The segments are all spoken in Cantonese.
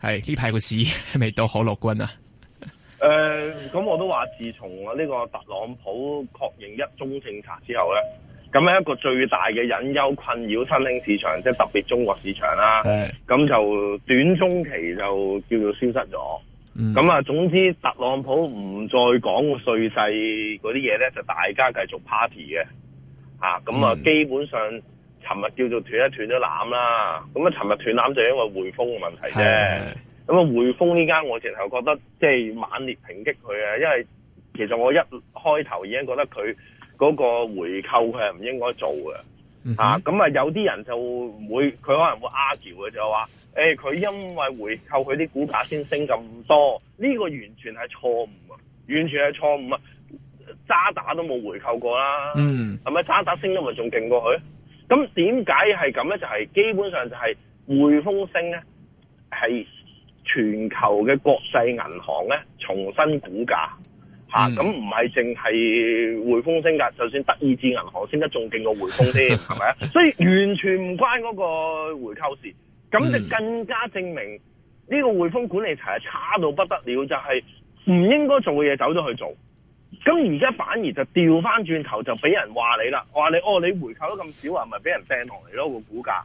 係呢排個市咪到可樂軍啊、呃？誒，咁我都話自從呢個特朗普確認一中政策之後咧，咁樣一個最大嘅隱憂困擾新興市場，即係特別中國市場啦。咁是的 就短中期就叫做消失咗。咁啊，總之特朗普唔再講個稅制嗰啲嘢咧，就大家繼續 party 嘅。啊，咁啊，基本上。琴日叫做斷一斷咗纜啦，咁啊，琴日斷纜就因為匯豐嘅問題啫。咁啊，匯豐呢間我直頭覺得即係猛烈抨擊佢啊，因為其實我一開頭已經覺得佢嗰個回購佢係唔應該做嘅嚇。咁、嗯、是 啊，有啲人就唔會，佢可能會 argue 嘅就話：誒、哎，佢因為回購佢啲股價先升咁多，呢、這個完全係錯誤啊，完全係錯誤啊！渣打都冇回購過啦，係咪、嗯、渣打升得咪仲勁過佢？咁點解係咁呢？就係、是、基本上就係匯豐升呢，係全球嘅國際銀行呢重新估價嚇。咁唔係淨係匯豐升噶，就算德意志銀行升得仲勁過匯豐先。係咪啊？ 所以完全唔關嗰個回購事。咁就更加證明呢個匯豐管理層係差到不得了，就係、是、唔應該做嘅嘢走咗去做。咁而家反而就掉翻轉頭就俾人話你啦，話你哦，你回購得咁少啊，咪俾人掟落嚟咯個股價。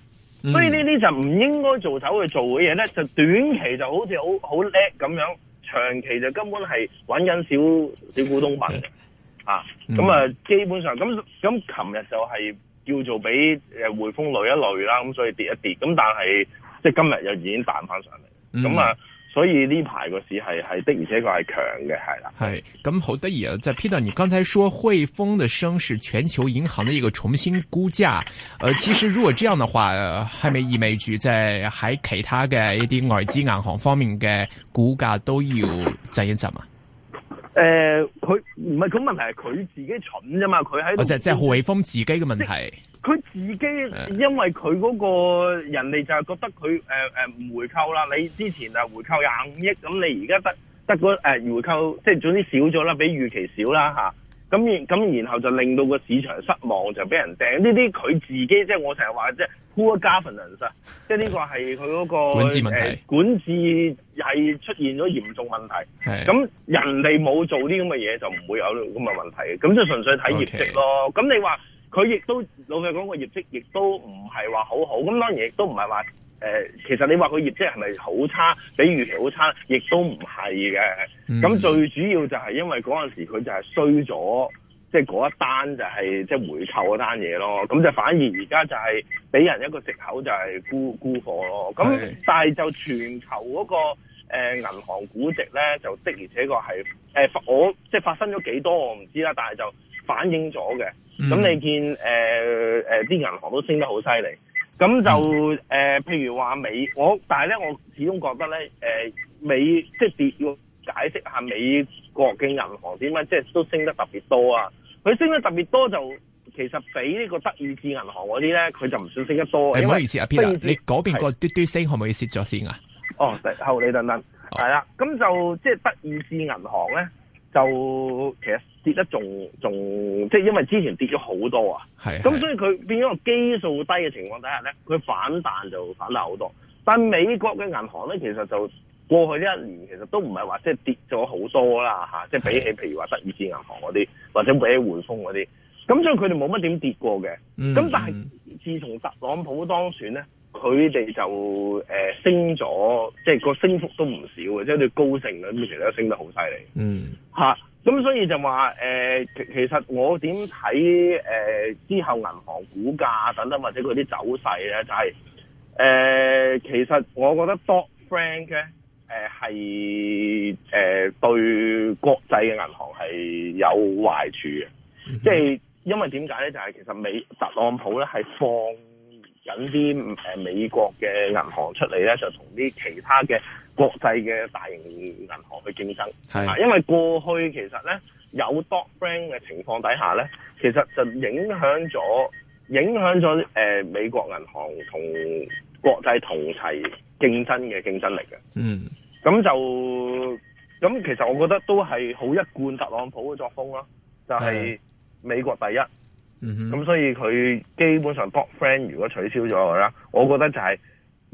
嗯、所以呢啲就唔應該做手去做嘅嘢咧，就短期就好似好好叻咁樣，長期就根本係揾緊小小股東笨 啊。咁啊，嗯、基本上咁咁，琴日就係叫做俾誒匯豐累一累啦，咁所以跌一跌。咁但係即係今日又已經彈翻上嚟。咁、嗯、啊。所以呢排個市係係的、的，而且確係強嘅，係啦。係咁好得意啊！即係 Peter，你剛才說匯豐嘅升是全球銀行嘅一個重新估價，呃，其實如果這樣嘅話，係咪意味住在喺其他嘅一啲外資銀行方面嘅股價都要漲一漲啊？誒，佢唔係咁，問題係佢自己蠢啫嘛，佢喺、就係、他即係即係何偉峰自己嘅問題，佢自己因為佢嗰個人哋就係覺得佢誒誒唔回購啦，你之前就回購廿五億，咁你而家得得誒、嗰個呃、回購即係總之少咗啦，比預期少啦，吓。啊咁咁，然後就令到個市場失望，就俾人掟呢啲。佢自己即係我成日話，即係、就是、Poor governance 啊是！即係呢個係佢嗰個管治問題、呃、管治係出現咗嚴重問題。咁是人哋冇做啲咁嘅嘢，就唔會有咁嘅問題。咁即係純粹睇業績咯。咁 Okay. 你話佢亦都老實講，個業績亦都唔係話好好。咁當然亦都唔係話。呃、其實你話佢業績係咪好差？比預期好差，亦都唔係嘅。咁、嗯、最主要就係因為嗰陣時佢就係衰咗，即係嗰一單就係即係回購嗰單嘢咯。咁就反而而家就係俾人一個藉口就，就係沽沽貨咯。咁但係就全球嗰、嗰個誒銀、呃、行估值咧，就的而且確係誒、呃、我即係發生咗幾多我唔知啦，但係就反映咗嘅。咁、嗯、你見誒啲銀行都升得好犀利。咁就誒、嗯呃，譬如話美，我但係咧，我始終覺得咧，誒、呃、美即係要解釋下美國嘅銀行點解即係都升得特別多啊！佢升得特別多就其實比呢個德意志銀行嗰啲咧，佢就唔算升得多唔、欸、為好意思啊，Peter，常你嗰邊個嘟嘟聲可唔可以熄咗先啊？是嗎哦，後你等等，係啦、哦，咁就即係德意志銀行咧。就其實跌得仲仲即係因為之前跌咗好多啊，咁是是 所以佢變咗個基數低嘅情況底下咧，佢反彈就反彈好多。但美國嘅銀行咧，其實就過去呢一年其實都唔係話即係跌咗好多啦嚇，即係比起譬如話德意志銀行嗰啲或者比起匯豐嗰啲，咁所以佢哋冇乜點跌過嘅。咁、嗯、但係自從特朗普當選咧。佢哋就誒、呃、升咗，即係個升幅都唔少嘅，即係好似高盛咧，咁其實都升得好犀利。嗯，嚇、啊，咁所以就話，誒、呃，其實我點睇誒之後銀行股價等等或者佢啲走勢咧，就係、是、誒、呃、其實我覺得 Dodd-Frank 咧誒係誒對國際嘅銀行係有壞處嘅，即係、嗯、哼因為點解咧？就係、是、其實美特朗普咧係放。引啲、呃、美國嘅銀行出嚟咧，就同啲其他嘅國際嘅大型銀行去競爭係的、啊，因為過去其實咧有 Dodd-Frank 嘅情況底下咧，其實就影響咗影響咗誒美國銀行國同國際同齊競爭嘅競爭力嘅。嗯，咁就咁其實我覺得都係好一貫特朗普嘅作風咯、啊，就係、是、美國第一。咁、嗯、所以佢基本上 b o c friend 如果取消咗佢啦，嗯、哼我覺得就係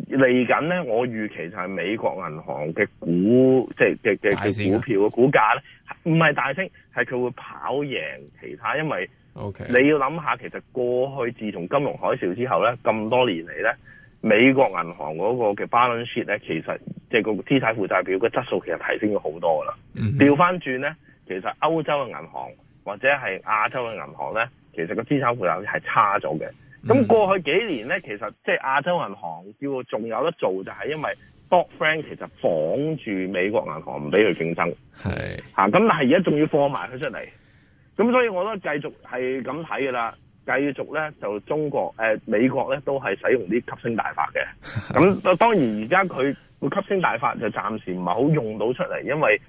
嚟緊咧，我預期就係美國銀行嘅股，即係嘅嘅股票嘅、啊、股價咧，唔係大升，係佢會跑贏其他，因為 Okay 你要諗下，其實過去自從金融海嘯之後咧，咁多年嚟咧，美國銀行嗰個嘅 balance sheet 咧，其實即係個資產負債表嘅質素其實提升咗好多噶啦，調翻轉咧，其實歐洲嘅銀行或者係亞洲嘅銀行咧。其實個資產負債率係差咗嘅，咁、嗯、過去幾年咧，其實即係亞洲銀行叫仲有得做，就係因為 Dodd-Frank 其實綁住美國銀行唔俾佢競爭，係吓是，咁、啊、但係而家仲要放埋佢出嚟，咁所以我都繼續係咁睇噶啦，繼續咧就中國誒、呃、美國咧都係使用啲吸星大法嘅，咁當然而家佢個吸星大法就暫時唔係好用到出嚟，因為，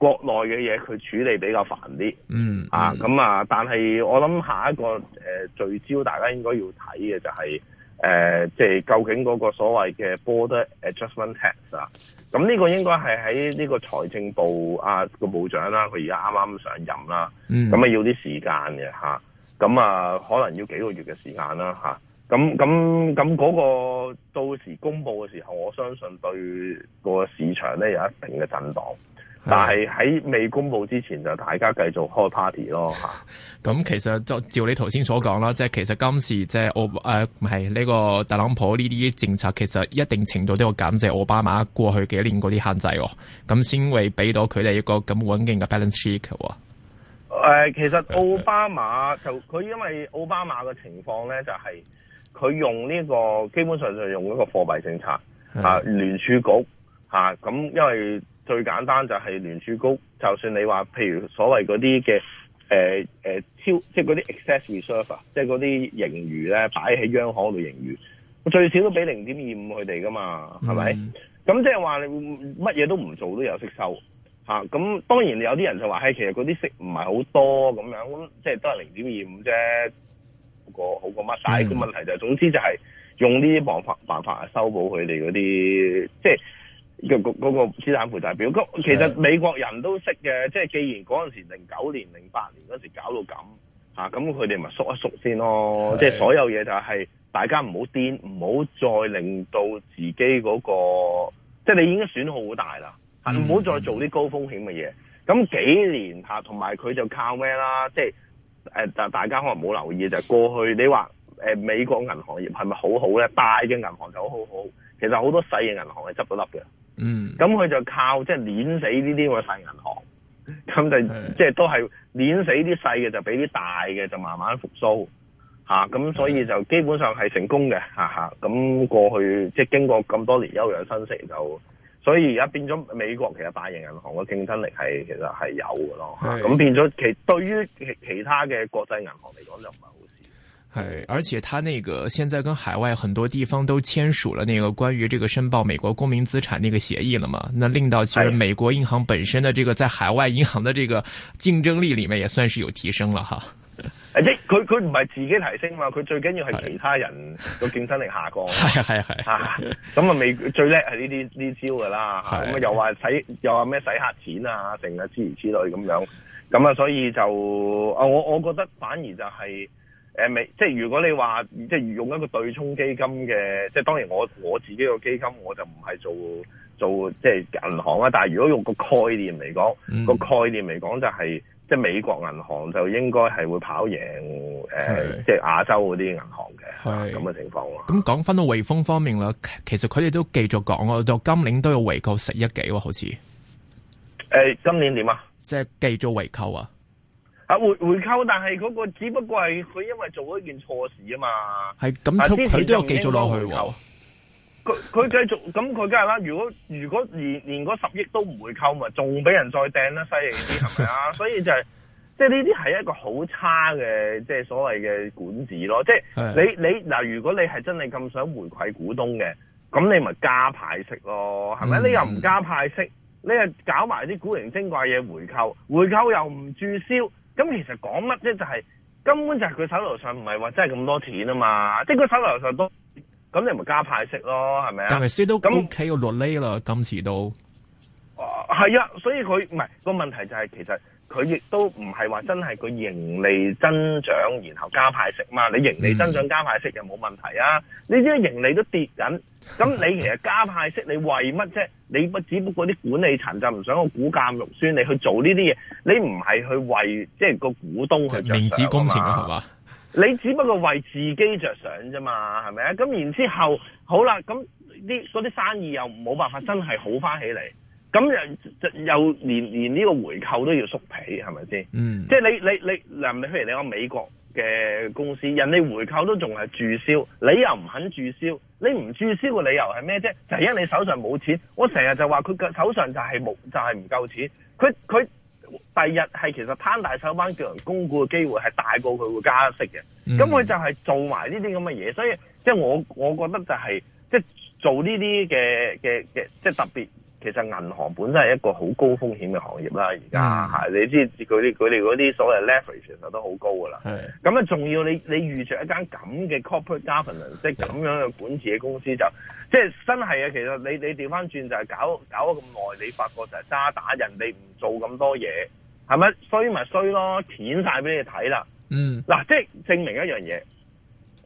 國內嘅嘢佢處理比較煩啲、嗯，嗯啊咁啊，但係我諗下一個誒、呃、聚焦，大家應該要睇嘅就係、是、誒，即、呃、係、就是、究竟嗰個所謂嘅 Border Adjustment Tax 啊，咁呢個應該係喺呢個財政部啊個部長啦，佢而家啱啱上任啦，嗯，咁、嗯、啊、這個啊，剛剛啊嗯、要啲時間嘅嚇，咁啊，啊可能要幾個月嘅時間啦嚇，咁咁咁嗰個到時公佈嘅時候，我相信對個市場咧有一定嘅震盪。但係喺未公佈之前就大家繼續開 party 咯吓，咁 其實就照你頭先所講啦，即係其實今次即係歐誒唔係呢個特朗普呢啲政策，其實一定程度都要感謝奧巴馬過去幾年嗰啲限制喎，咁先會俾到佢哋一個咁穩健嘅 balance sheet。誒、呃，其實奧巴馬就佢因為奧巴馬嘅情況咧、就是，就係佢用呢、這個基本上就用一個貨幣政策吓，聯、啊、儲局吓咁、啊、因為。最簡單就係聯儲局，就算你話，譬如所謂嗰啲嘅誒超，即係嗰啲 excess reserve，即係嗰啲盈餘咧，擺喺央行度盈餘，最少都俾零點二五佢哋噶嘛，係咪、嗯？咁即係話你乜嘢都唔做都有息收嚇。咁、啊、當然有啲人就話，嘿，其實嗰啲息唔係好多咁樣，即係都係零點二五啫。好過好過乜曬？但係個、嗯、問題就係、是、總之就係用呢啲辦法辦法嚟修補佢哋嗰啲即係。個嗰個資產負債表，其實美國人都識嘅，即係既然嗰陣時零九年、零八年嗰時搞到咁吓，咁佢哋咪縮一縮先咯。是即係所有嘢就係、是、大家唔好癲，唔好再令到自己嗰、那個，即係你已經損耗好大啦，唔好的、嗯、再做啲高風險嘅嘢。咁幾年吓，同埋佢就靠咩啦？即係誒，大、呃、大家可能冇留意就係、是、過去你話誒、呃、美國銀行業係咪好好咧？大嘅銀行就好好，好。其實好多細嘅銀行係執到笠嘅。嗯，咁佢就靠即係碾死呢啲咁嘅細銀行，咁就的即係都係碾死啲細嘅，就俾啲大嘅就慢慢復甦吓，咁的、啊、所以就基本上係成功嘅，吓、啊，哈，咁過去即係經過咁多年休養生息，就所以而家變咗美國其實大型銀行嘅競爭力係其實係有嘅咯，咁的、啊、變咗其對於其其他嘅國際銀行嚟講就唔係。係，而且他那個現在跟海外很多地方都簽署了那個關於這個申報美國公民資產那個協議了嘛？那令到其實美國銀行本身的這個在海外銀行的這個競爭力裏面也算是有提升了哈。誒，佢佢唔係自己提升嘛，佢最緊要係其他人個競爭力下降。係的啊，係啊，係啊。咁啊咪最叻係呢啲呢招噶啦。咁啊的的又話洗又話咩洗黑錢啊，定啊之如此類咁樣。咁啊所以就啊我我覺得反而就係、是。誒，即係如果你話即係用一個對沖基金嘅，即係當然我我自己個基金我就唔係做做即係銀行啦。但係如果用個概念嚟講，嗯、個概念嚟講就係、是、即係美國銀行就應該係會跑贏誒，呃、是即係亞洲嗰啲銀行嘅咁嘅情況。咁講返到匯豐方面啦，其實佢哋都繼續講啊，到今年都有回購十一幾喎，好似誒、呃，今年點啊？即係繼續回購啊？回回購，但係嗰個只不過係佢因為做咗一件錯事啊嘛。係咁，佢都有繼續落去喎。佢佢、啊、繼續，咁佢梗係啦。如果如果連連嗰十億都唔回購，咪仲俾人再掟得犀利啲，係咪啊？ 所以就係、是，即係呢啲係一個好差嘅，即係所謂嘅管治咯。即係你的你嗱，如果你係真係咁想回饋股東嘅，咁你咪加派息咯，係咪？嗯、你又唔加派息，你又搞埋啲古靈精怪嘢回購，回購又唔註銷。咁其實講乜咧？就係、是、根本就係佢手頭上唔係話真係咁多錢啊嘛，即係佢手頭上都咁你咪加派息咯，係咪那啊？但係先都屋企個落嚟啦，今次都，係啊，所以佢唔係個問題就係、是、其實。佢亦都唔係話真係佢盈利增長，然後加派息嘛？你盈利增長加派息又冇問題啊？你知道盈利都跌緊，咁你其實加派息你為乜啫？你不只不過啲管理層就唔想個股價肉酸，你去做呢啲嘢，你唔係去為即係、就是、個股東去面子工程啊係嘛？你只不過為自己着想啫嘛，係咪啊？咁然之後，好啦，咁啲嗰啲生意又冇辦法真係好翻起嚟。咁又又連連呢個回購都要縮皮，係咪先？嗯即，即係你你你嗱，譬如你講美國嘅公司，人哋回購都仲係注銷，你又唔肯注銷，你唔注銷嘅理由係咩啫？就係、是、因為你手上冇錢。我成日就話佢嘅手上就係冇就係唔夠錢。佢佢第日係其實攤大手板叫人供股嘅機會係大過佢會加息嘅。咁佢、嗯、就係做埋呢啲咁嘅嘢，所以即係我我覺得就係、是、即係做呢啲嘅嘅嘅即係特別。其實銀行本身係一個好高風險嘅行業啦，而家係你知佢哋佢哋嗰啲所謂 leverage 其實都好高㗎啦。係咁啊，仲要你你遇著一間咁嘅 corporate governance，即係咁樣嘅管治嘅公司就，是的就即係真係啊！其實你你調返轉就係搞搞咗咁耐，你發覺就係渣打人哋唔做咁多嘢，係咪衰咪衰咯？顯晒俾你睇、嗯、啦。嗯，嗱，即係證明一樣嘢，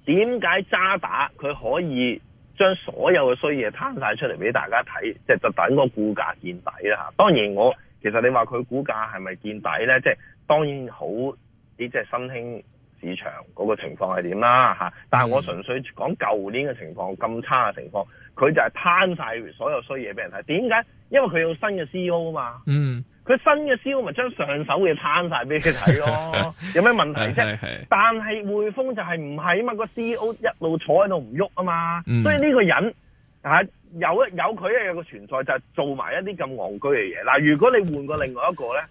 點解渣打佢可以？將所有嘅衰嘢攤晒出嚟俾大家睇，即係就等個股價見底啦嚇。當然我其實你話佢股價係咪見底咧？即係當然好啲，即係新興市場嗰個情況係點啦嚇。但係我純粹講舊年嘅情況咁差嘅情況，佢就係攤晒所有衰嘢俾人睇，點解？因為佢有新嘅 C E O 啊嘛，嗯，佢新嘅 C E O 咪將上手嘅攤晒俾佢睇咯， 有咩問題啫？ 但係匯豐就係唔係啊嘛，個 C E O 一路坐喺度唔喐啊嘛，嗯、所以呢個人吓、啊、有一有佢咧有個存在就係做埋一啲咁戇居嘅嘢。嗱、啊，如果你換過另外一個咧，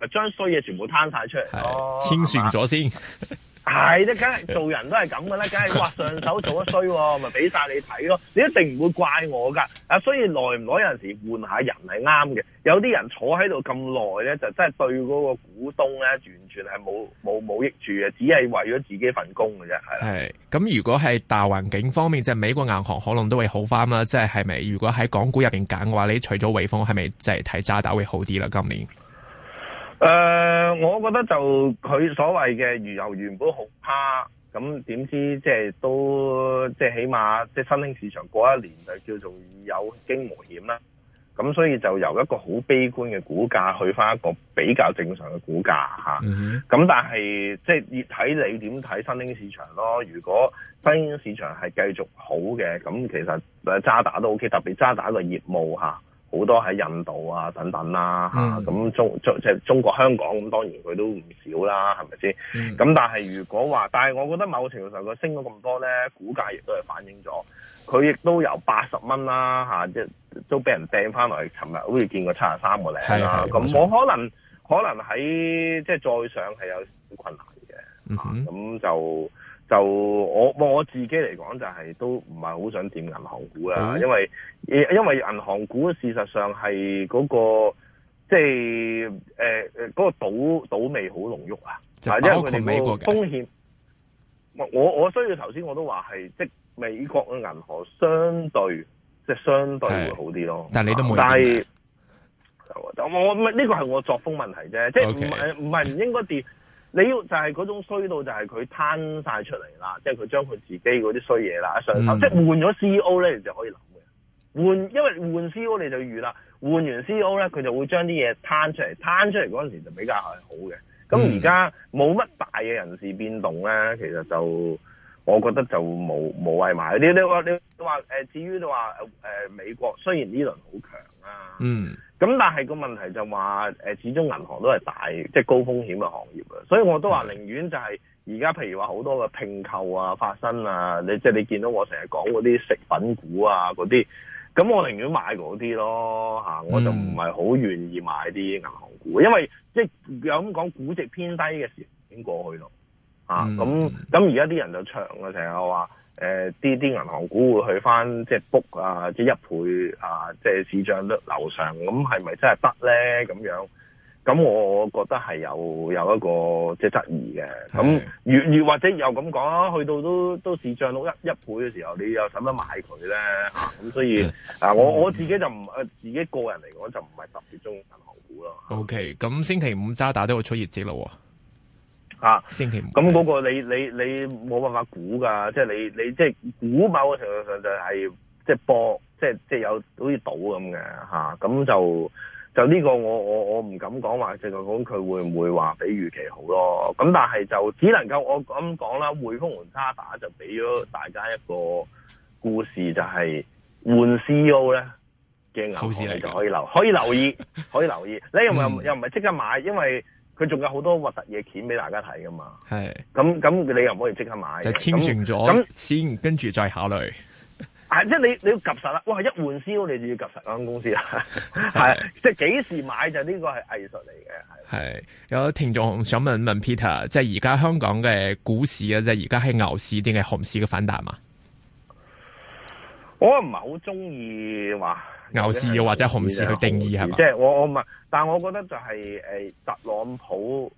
咪將衰嘢全部攤晒出嚟、啊，清算咗先吧。 係，咧梗係做人都係咁噶啦，梗係話上手做得衰，咪俾晒你睇咯。你一定唔會怪我噶。啊，所以耐唔耐有陣時換下人係啱嘅，有啲人坐喺度咁耐咧，就真係對嗰個股東咧完全係冇冇冇益處嘅，只係為咗自己份工嘅啫。係。係，咁如果係大環境方面，即係美國銀行可能都會好翻啦。即係係咪？如果喺港股入邊揀嘅話，你除咗匯豐，係咪即係睇渣打會好啲啦？今年。誒。Uh, 我覺得就佢所謂嘅預後原本好差，咁點知即係都即係起碼即係新興市場嗰一年就叫做有驚無險啦。咁所以就由一個好悲觀嘅股價去返一個比較正常嘅股價嚇。咁、mm hmm. 但係即係睇你點睇新興市場咯。如果新興市場係繼續好嘅，咁其實渣打都 OK，特別渣打一個業務嚇。好多喺印度啊，等等啦、啊、嚇，咁、嗯啊、中即係、就是、中國香港咁，當然佢都唔少啦，係咪先？咁、嗯、但係如果話，但係我覺得某程度上佢升咗咁多咧，股價亦都係反映咗，佢亦都由八十蚊啦嚇，即、啊、係都俾人掟翻落去。尋日好似見過七十三個零啦、啊，咁我可能的可能喺即係再上係有困難嘅，咁、嗯哼啊、就。就我我自己嚟講，就係都唔係好想掂銀行股啦，啊、因為因為銀行股事實上係嗰、嗰個即係誒誒個賭賭味好濃郁啊，就係包括美國嘅風險。我我我需要頭先我都話係即係美國嘅銀行相對即係相對會好啲咯。但係你都冇，但係我我唔係呢個係我作風問題啫，Okay. 即係唔係唔係唔應該跌。 你要就係嗰種衰到就係佢攤晒出嚟啦，即係佢將佢自己嗰啲衰嘢啦上頭一，嗯、即係換咗 CEO 咧，你就可以諗嘅。換因為換 CEO 你就預啦，換完 CEO 咧佢就會將啲嘢攤出嚟，攤出嚟嗰陣時就比較係好嘅。咁而家冇乜大嘅人事變動咧，其實就我覺得就冇冇謂買。你你話你你話誒，至於你話誒美國雖然呢輪好強啦、啊。嗯。咁但係個問題就話，誒，始終銀行都係大，即係高風險嘅行業啊，所以我都話寧願就係而家，譬如話好多嘅併購啊、發生啊，你即係你見到我成日講嗰啲食品股啊嗰啲，咁我寧願買嗰啲咯吓，我就唔係好願意買啲銀行股，因為即係有咁講，估值偏低嘅時候已經過去咯，啊，咁咁而家啲人就唱啊，成日話。誒，啲啲銀行股會去翻，即係 book 啊，即係一倍啊，即係市賬率樓上，咁係咪真係得咧？咁樣，咁我覺得係有有一個即係質疑嘅。咁如如或者又咁講啊，去到都都市賬到一一倍嘅時候，你又使乜買佢咧？咁所以 啊，我我自己就唔， 自己個人嚟講就唔係特別中意銀行股咯。O K，咁星期五渣打都會出業績咯。星期五，咁嗰、啊、個你你你冇辦法估噶，即係你你即係估某嘅程度上就係即係博，即係即係有好似賭咁嘅吓，咁、啊、就就呢個我我我唔敢講話，淨係講佢會唔會話比預期好咯，咁但係就只能夠我咁講啦，匯豐同渣打就俾咗大家一個故事，就係換 CEO 咧嘅。牛市就可以留，可以留意，可以留意，你又唔又唔係即刻買，因為。佢仲有好多核突嘢錢俾大家睇噶嘛？係咁咁，你又唔可以即刻買就清算咗咁先，跟住再考慮。即係你你要及實啦。哇，一換先，你就要及實嗰間公司啦。係即係幾時買，就呢個係藝術嚟嘅，係。係有聽眾想問問 Peter，即係而家香港嘅股市啊，即係而家係牛市定係熊市嘅反彈嘛、啊？我唔係好中意哇。牛市又或者熊市去定義係嘛？即係、就是、我我唔係，但係我覺得就係、是、誒，呃、特朗普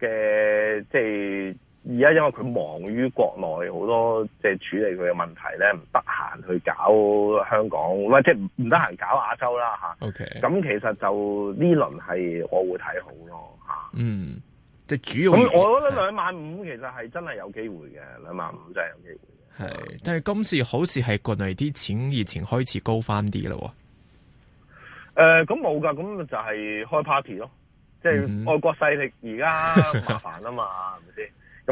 嘅即係而家，就是、因為佢忙於國內好多即係、就是、處理佢嘅問題咧，唔得閒去搞香港，嗯、即係唔得閒搞亞洲啦吓。OK 咁其實就呢輪係我會睇好咯吓。嗯，即係 Okay、嗯、主要。咁我覺得兩萬五其實係真係有機會嘅，兩萬五真係有機會嘅。係，但係今次好似係國內啲錢以前開始高翻啲咯。誒，咁冇噶，咁就係開 party 咯，即係外國勢力而家麻煩啊嘛，係咪先？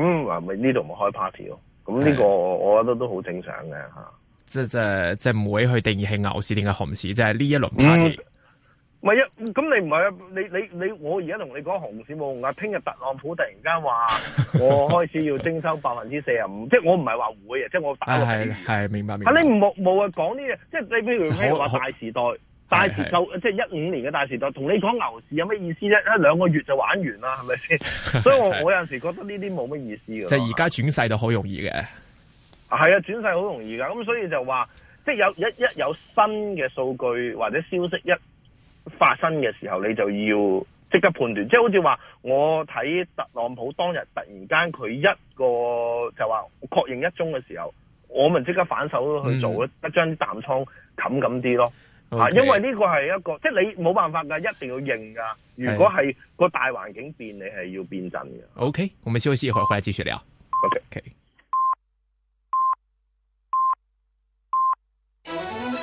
咁啊咪呢度咪開 party 咯，咁呢個我覺得都好正常嘅吓。即係即係即係唔會去定義係牛市定係熊市，就係呢一輪 party。唔係咁你唔係啊？你你你，我而家同你講熊市冇用噶，聽日特朗普突然間話我開始要徵收百分之四十五，即係我唔係話會啊，即係我打個比喻係係明白明白。明白但你冇冇啊？講啲嘢，即係你比如咩話大時代。大時就即係一五年嘅大時代，同你講牛市有咩意思啫？一兩個月就玩完啦，係咪先？所以我我有陣時覺得呢啲冇乜意思嘅。就而家轉勢就好容易嘅，係啊，轉勢好容易噶。咁所以就話，即係有一一有新嘅數據或者消息一發生嘅時候，你就要即刻判斷。即係好似話，我睇特朗普當日突然間佢一個就話確認一宗嘅時候，我咪即刻反手去做、嗯、淡倉一將啲淡倉冚緊啲咯。啊！Okay. 因為呢個係一個，即係你冇辦法噶，一定要認噶。如果係個大環境變，你係要變陣嘅。O、okay, K，我哋休息一會兒回來繼續聊。O K。